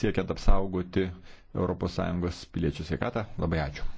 siekiant apsaugoti ES piliečių sveikatą. Labai ačiū.